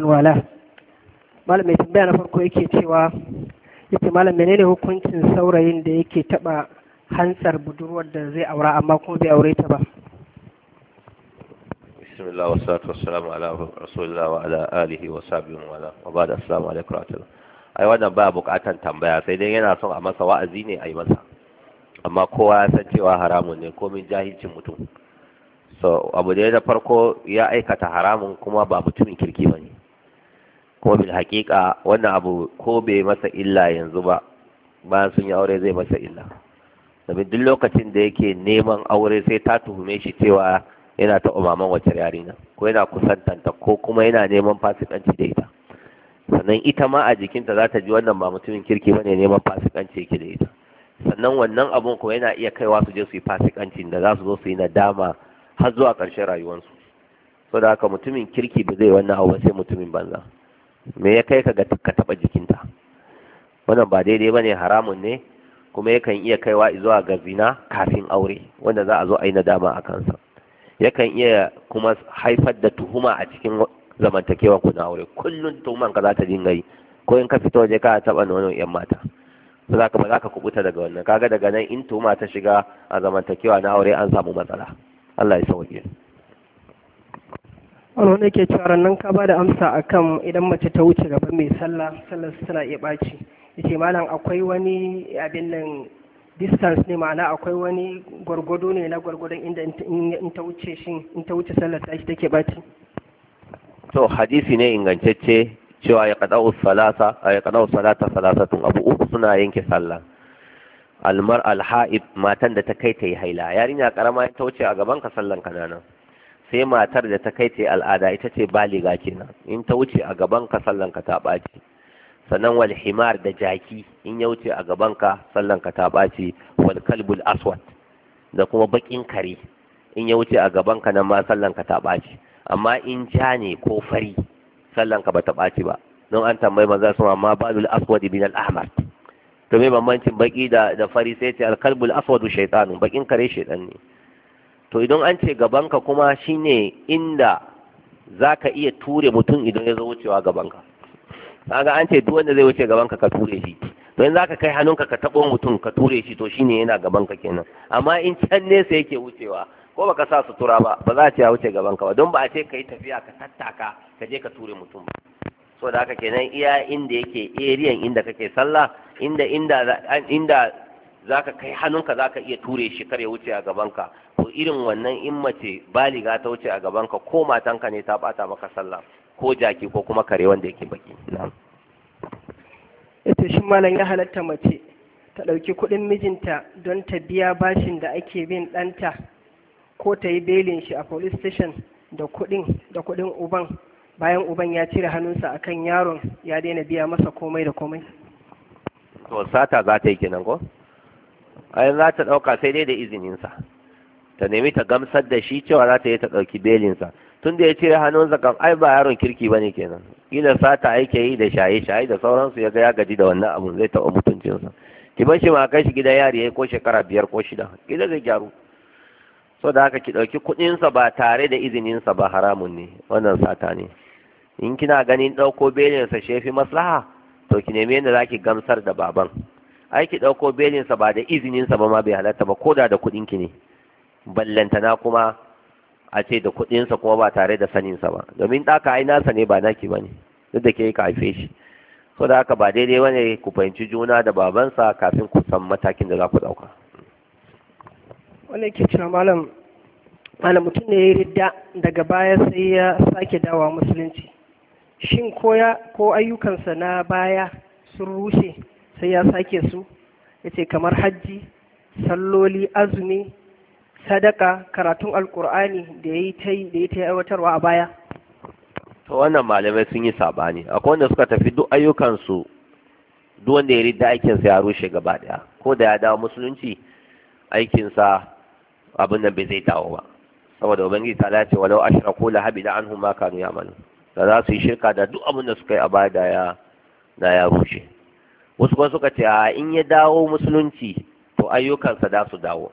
wala malam mai tambaya na farko yake cewa yake malam menene hukuncin saurayin da yake taba hantsar budurwar da zai aura amma kuma bai aure ta ba bismillah wa salatu wa salamu ala rasulillah wa ala alihi wa sahbihi wa ala wa ba'da assalamu alaikum wa rahmatullah ai wannan ba bukatan tambaya sai dai yana son a masa wa'azi ne a yi masa amma kowa ya san cewa haramun ne komin jahilcin mutum so abu da na farko ya aikata haramun kuma ba mutumin kirki ba ne ko bil haƙiƙa wannan abu ko bai masa illa yanzu ba bayan sun yi aure zai masa illa domin duk lokacin da yake neman aure sai ta tuhume shi cewa yana ta umaman wace yarina ko yana kusantanta ko kuma yana neman fasikanci da ita sannan ita ma a jikinta za ta ji wannan ba mutumin kirki ba ne neman fasikanci yake da ita sannan wannan abun kuma yana iya kaiwa su je su yi fasikancin da za su zo su yi nadama har zuwa ƙarshen rayuwarsu saboda haka mutumin kirki ba zai wannan abu ba sai mutumin banza me ya kai ka ga ka taba jikinta wannan ba daidai bane haramun ne kuma yakan iya kaiwa zuwa ga zina kafin aure wanda za a zo a yi nadama a kansa yakan iya kuma haifar da tuhuma a cikin zamantakewa ku na aure kullum tuhuman ka za ta dinga yi ko in ka fito waje ka taba nono yan mata ba za ka ba za ka kubuta daga wannan kaga daga nan in tuhuma ta shiga a zamantakewa na aure an samu matsala Allah ya sauke wani wanda ke cewa nan ka ba da amsa akan idan mace ta wuce gaba mai sallah sallar tana iya ɓaci yace malam akwai wani abin nan distance ne ma'ana akwai wani gwargwado ne na gwargwadon inda in ta wuce shi in ta wuce sallar take ɓaci to hadisi ne ingantacce cewa ya qada'u salasa ya qada'u salata salasatun abu uku suna yanke sallah almar alha'ib matan da ta kai ta yi haila yarinya karama ta wuce a gaban ka sallan kanana sai matar da ta kai ta al'ada ita ce baliga kenan in ta wuce a gaban ka sallan ka ta ɓaci sannan wal himar da jaki in ya wuce a gaban ka sallan ka ta ɓaci wal kalbul aswad da kuma baƙin kare in ya wuce a gaban ka nan ma sallan ka ta ɓaci amma in ja ne ko fari sallan ka bata ɓaci ba don an tambayi maza su amma balul aswad bin al ahmar to me bambancin baki da da fari sai ce al kalbul aswad shaytanu bakin kare shaytan ne to idan an ce gabanka kuma shine inda za ka iya ture mutum idan ya zo wucewa gabanka kaga an ce duk wanda zai wuce gabanka ka ture shi to in zaka kai hannunka ka tabo mutum ka ture shi to shine yana gabanka kenan amma in can nesa yake wucewa ko baka sa sutura ba ba za a ce ya wuce gabanka ba don ba a ce ka yi tafiya ka tattaka ka je ka ture mutum ba so da haka kenan iya inda yake eriyan inda kake sallah inda inda inda zaka kai hannunka zaka iya ture shi kar ya wuce a gabanka to irin wannan in mace baliga ta wuce a gabanka ko matanka ne ta bata maka sallah ko jaki ko kuma kare wanda yake baki na'am ita shi malam ya halatta mace ta ɗauki kudin mijinta don ta biya bashin da ake bin danta ko ta yi belin shi a police station da kudin da kudin uban bayan uban ya cire hannunsa akan yaron ya daina biya masa komai da komai to sata za ta yi kenan ko ai za ta ɗauka sai dai da izininsa ta nemi ta gamsar da shi cewa za ta yi ta ɗauki belinsa tun da ya cire hannunsa kan ai ba yaron kirki ba ne kenan kila sata aike yi da shaye shaye da sauransu ya ga ya gaji da wannan abun zai taɓa mutuncinsa ki bar shi ma kai shi gidan yari yayi ko shekara biyar ko shida gidan zai gyaru so da haka ki ɗauki kuɗinsa ba tare da izininsa ba haramun ne wannan sata ne in kina ganin ɗauko belinsa shefi maslaha to ki nemi yadda za ki gamsar da baban aiki ɗauko belinsa ba da izininsa ba ma bai halatta ba koda da kuɗin ki ne ballantana kuma a ce da kuɗinsa kuma ba tare da saninsa ba domin ɗaka ai nasa ne ba naki ba ne duk da ke ka haife shi so da haka ba daidai ba ne ku fahimci juna da babansa kafin ku san matakin da za ku ɗauka. wannan ke cewa malam malam mutum ne ya ridda daga baya sai ya sake dawa musulunci shin koya ko ayyukansa na baya sun rushe sai ya sake su ya ce kamar hajji salloli azumi sadaka karatun alkur'ani da ya yi ta yi aiwatarwa a baya Ta wannan malamai sun yi sabani akwai wanda suka tafi duk ayyukansu duk wanda ya rida aikinsa ya rushe gaba daya ko da ya dawo musulunci aikinsa abin nan bai zai dawo ba saboda ubangiji ta dace walau ashraku la habida anhum ma kanu ya'malu da za su yi shirka da duk abin da suka yi a baya da ya rushe wasu kuma suka ce a in ya dawo musulunci to ayyukansa da su dawo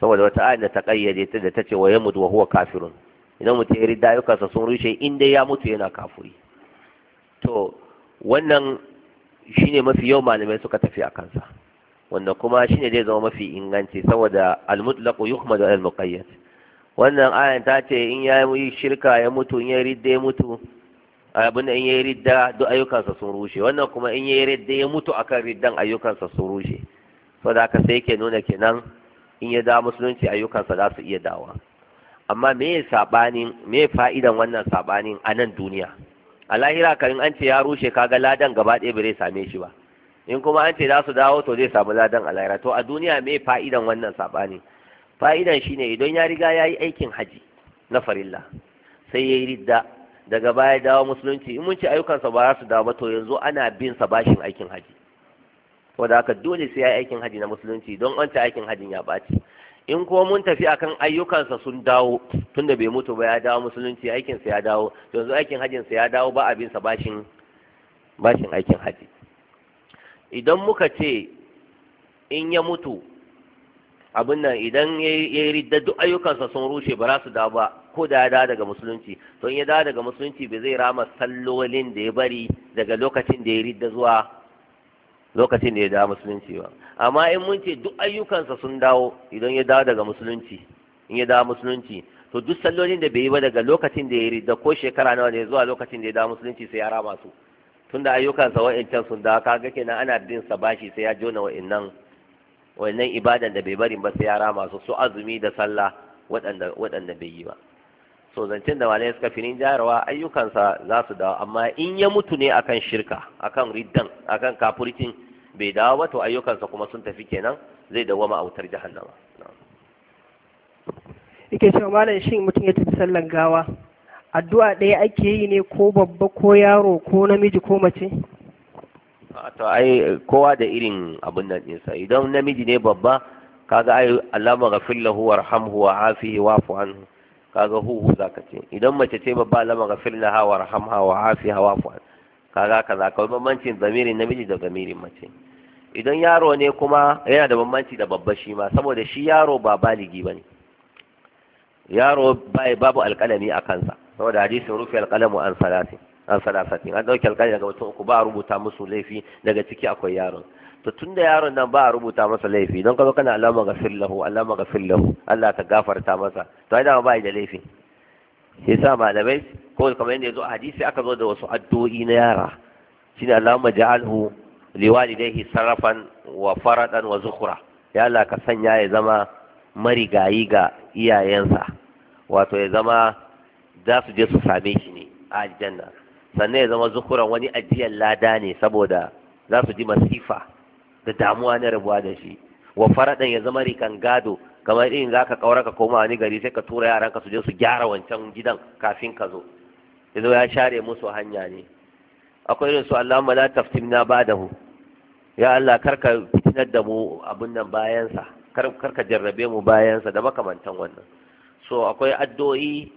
saboda wata ayin da ta kayyade ta da ta ce wa yamudu wa huwa kafirun idan mutum ya rida ayyukansa sun rushe in dai ya mutu yana kafuri to wannan shine mafi yau malamai suka tafi a kansa wanda kuma shine zai zama mafi inganci saboda al yuhmadu al-muqayyad wannan ayan ta ce in ya yi shirka ya mutu in ya ridda ya mutu abin in yayi ridda duk ayyukansa sun rushe wannan kuma in yayi ridda ya mutu akan riddan ayyukansa sun rushe da haka sai yake nuna kenan in ya da musulunci ayyukansa za su iya dawa amma me sabani me fa'idan wannan sabani a nan duniya a lahira kan an ce ya rushe ga ladan gaba ɗaya bai same shi ba in kuma an ce za su dawo to zai samu ladan a lahira to a duniya me fa'idan wannan sabani fa'idan shine idan ya riga ya yi aikin haji na farilla sai ya yi ridda daga baya dawo musulunci in mun ci ayyukansa ba za su dawo ba to yanzu ana bin sa bashin aikin haji saboda haka dole sai ya yi aikin haji na musulunci don an ci aikin hajin ya ɓaci in ko mun tafi akan ayyukansa sun dawo tunda bai mutu ba ya dawo musulunci aikinsa ya dawo yanzu aikin sa ya dawo ba abin sa bashin bashin aikin haji idan muka ce in ya mutu abin nan idan ya yi ridda duk ayyukansa sun rushe ba za su dawo ba ko da ya dawo daga musulunci to in ya dawo daga musulunci bai zai rama sallolin da ya bari daga lokacin da ya ridda zuwa lokacin da ya dawo musulunci ba amma in mun ce duk ayyukansa sun dawo idan ya dawo daga musulunci in ya dawo musulunci to duk sallolin da bai yi ba daga lokacin da ya ridda ko shekara nawa ne zuwa lokacin da ya dawo musulunci sai ya rama su tunda ayyukansa can sun dawo kaga kenan ana bin sa bashi sai ya jona wa'annan wannan ibadan da bai barin ba sai ya rama su su azumi da sallah waɗanda bai yi ba so zancen da malai suka finin jarawa ayyukansa za su dawo amma in ya mutu ne akan shirka akan riddan akan kafurkin bai dawo ba to ayyukansa kuma sun tafi kenan zai dawama a wutar jahannama yake cewa malam shin mutum ya tafi sallan gawa addu'a ɗaya ake yi ne ko babba ko yaro ko namiji ko mace to ai kowa da irin abin nan ɗinsa idan namiji ne babba kaga ai allama ghafir lahu warhamhu wa afihi wafu anhu kaga huhu ka ce idan mace ce babba lama gafirna hawa warhamha wa hafi hawa fuwan kaga kaza kawai bambancin zamirin namiji da zamirin mace idan yaro ne kuma yana da bambanci da babba shi ma saboda shi yaro ba baligi ba ne yaro babu alkalami a kansa saboda hadisin rufe alƙalamu an salatin an salasatin an ɗauki alƙali daga mutum uku ba a rubuta musu laifi daga ciki akwai yaron to tun da yaron nan ba a rubuta masa laifi don kazo kana alama ga fillahu alama ga fillahu Allah ka gafarta masa to ai dama ba da laifi shi sa malamai ko kamar yadda yazo a hadisi aka zo da wasu addu'o'i na yara shine Allahumma ja'alhu liwalidayhi sarafan wa faradan wa zukhra ya Allah ka sanya ya zama marigayi ga iyayensa wato ya zama za su je su same shi ne a aljanna sannan ya zama zukuran wani ajiyar lada ne saboda za su ji masifa da damuwa na rabuwa da shi wa faradan ya zama rikan gado kamar irin za ka kaura ka koma wani gari sai ka tura yaran ka su je su gyara wancan gidan kafin ka zo ya zo ya share musu hanya ne akwai irin su Allahumma la taftimna ba'dahu ya Allah karka fitinar da mu abun nan bayansa kar ka jarrabe mu bayansa da makamantan wannan so akwai addu'o'i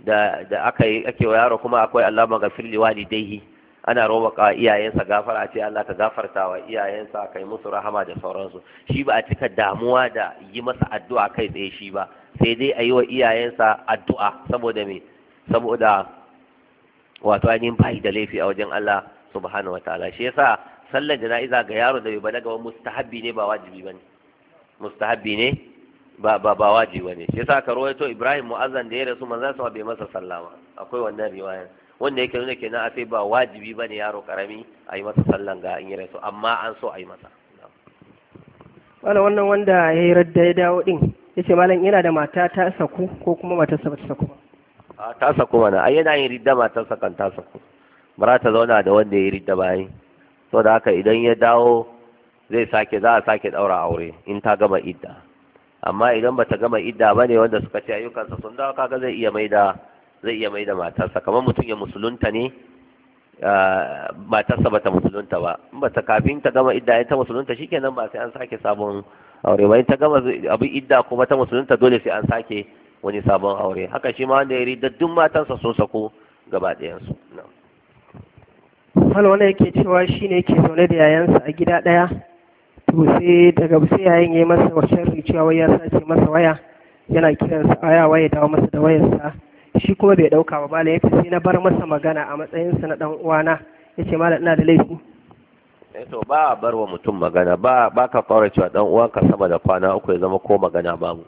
da da aka yi ake wa yaro kuma akwai Allah maghfir li walidayhi ana ka iyayensa gafara ce Allah ka gafarta wa iyayensa kai musu rahama da sauransu shi ba a cika damuwa da yi masa addu'a kai tsaye shi ba sai dai a yi wa iyayensa addu'a saboda me saboda wato ainihin bai da laifi a wajen Allah subhanahu wataala shi yasa sallar jana'iza ga yaro da bai balaga ba mustahabbi ne ba wajibi bane mustahabbi ne ba ba ba wajibi bane shi yasa ka rawaito Ibrahim mu'azzan da ya rasu manzon sa bai masa sallama akwai wannan riwaya wanda yake nuna kenan a sai ba wajibi bane yaro karami a yi masa sallan ga in ya rasu amma an so a yi masa wala wannan wanda ya yi radda ya dawo din yace malam yana da mata ta saku ko kuma mata sa ta saku ba ta saku mana ai yana yin ridda matarsa kan ta saku bara ta zauna da wanda ya yi ridda bayan saboda haka idan ya dawo zai sake za a sake daura aure in ta gama idda amma idan bata gama idda ba ne wanda suka ce ayyukansa sun dawo kaga zai iya maida zai iya maida matarsa kamar mutum ya musulunta ne ah, matarsa bata musulunta ba in bata kafin ta gama idda ta musulunta shikenan ba sai an sake sabon aure ba in ta gama abin idda kuma ta musulunta dole sai an sake wani sabon aure haka shi ma wanda ya rida duk matansa sun sako gaba su wani yake cewa shi ne ke zaune da yayansa a gida ɗaya to sai daga sai yayin ya masa sharri cewa wai ya sace masa waya yana kiran sa aya waya dawo masa da wayarsa shi kuma bai dauka ba malam yace sai na bar masa magana a matsayin sa na dan uwana yace malam ina da laifi eh to ba a bar wa mutum magana ba ba ka fara cewa dan uwanka sama da kwana uku ya zama ko magana babu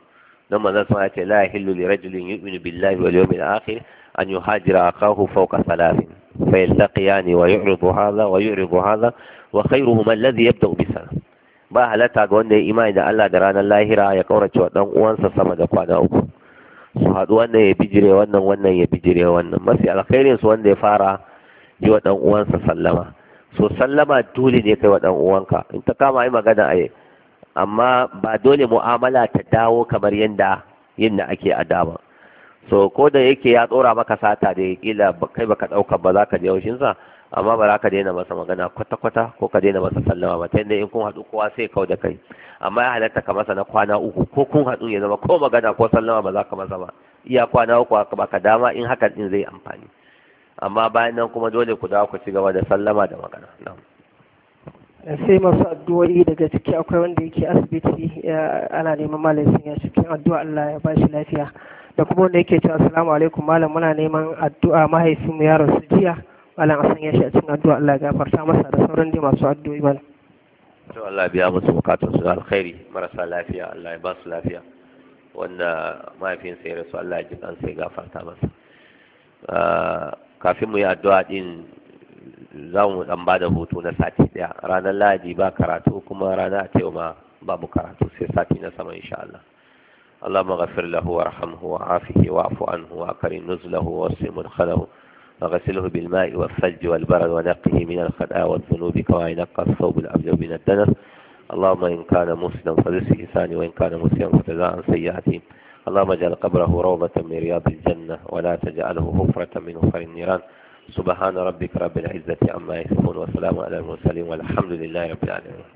dan manzon sa yace la yahillu li rajulin yu'minu billahi wal yawmil akhir an yuhajira akahu fawqa thalathin فيلتقيان ويعرض هذا ويعرض هذا وخيرهما الذي يبدأ بسلام ba halatta ga wanda ya imani da Allah da ranar lahira ya kaurace wa dan uwansa sama da kwana uku su haɗu wannan ya bijire wannan wannan ya bijire wannan mafi alkhairin su wanda ya fara yi wa dan uwansa sallama so sallama dole ne kai wa dan uwanka in ta kama yi magana a amma ba dole mu'amala ta dawo kamar yadda da ake a dama so ko da yake ya tsora maka sata da ya kila kai baka ɗauka ba za ka je haushinsa amma ba za ka daina masa magana kwata-kwata ko ka daina masa sallama ba ta yadda in kun haɗu kowa sai kawo da kai amma ya halatta ka masa na kwana uku ko kun haɗu ya zama ko magana ko sallama ba za ka masa ba iya kwana uku haka ka dama in hakan din zai amfani amma bayan nan kuma dole ku dawo ku ci gaba da sallama da magana sai masu addu'o'i daga ciki akwai wanda yake asibiti ana neman malam sun ya cikin addu'a Allah ya bashi lafiya da kuma wanda yake cewa assalamu alaikum malam muna neman addu'a mahaifinmu ya rasu jiya malam san ya shi a cikin addu'a Allah ya gafarta masa da sauran da masu addu'o'i malam to Allah biya musu bukatun su alkhairi marasa lafiya Allah ya ba su lafiya wanda mahaifinsa ya rasu Allah ya ji dan sai gafarta masa ah, kafin mu yi addu'a din za mu dan ba da hutu na sati daya ranar lahadi ba karatu kuma rana a ma babu karatu sai sati na sama insha Allah اللهم اغفر له وارحمه وعافه واعف عنه واكرم نزله واسع مدخله فغسله بالماء والثلج والبرد ونقه من الخلاء والذنوب كما ينقى الثوب الأبيض من الدنس اللهم إن كان مسلم فرزقه ثاني وإن كان مسلم فجزاء سيئاته اللهم اجعل قبره روضة من رياض الجنة ولا تجعله حفرة من حفر النيران سبحان ربك رب العزة عما يصفون وسلام على المرسلين والحمد لله رب العالمين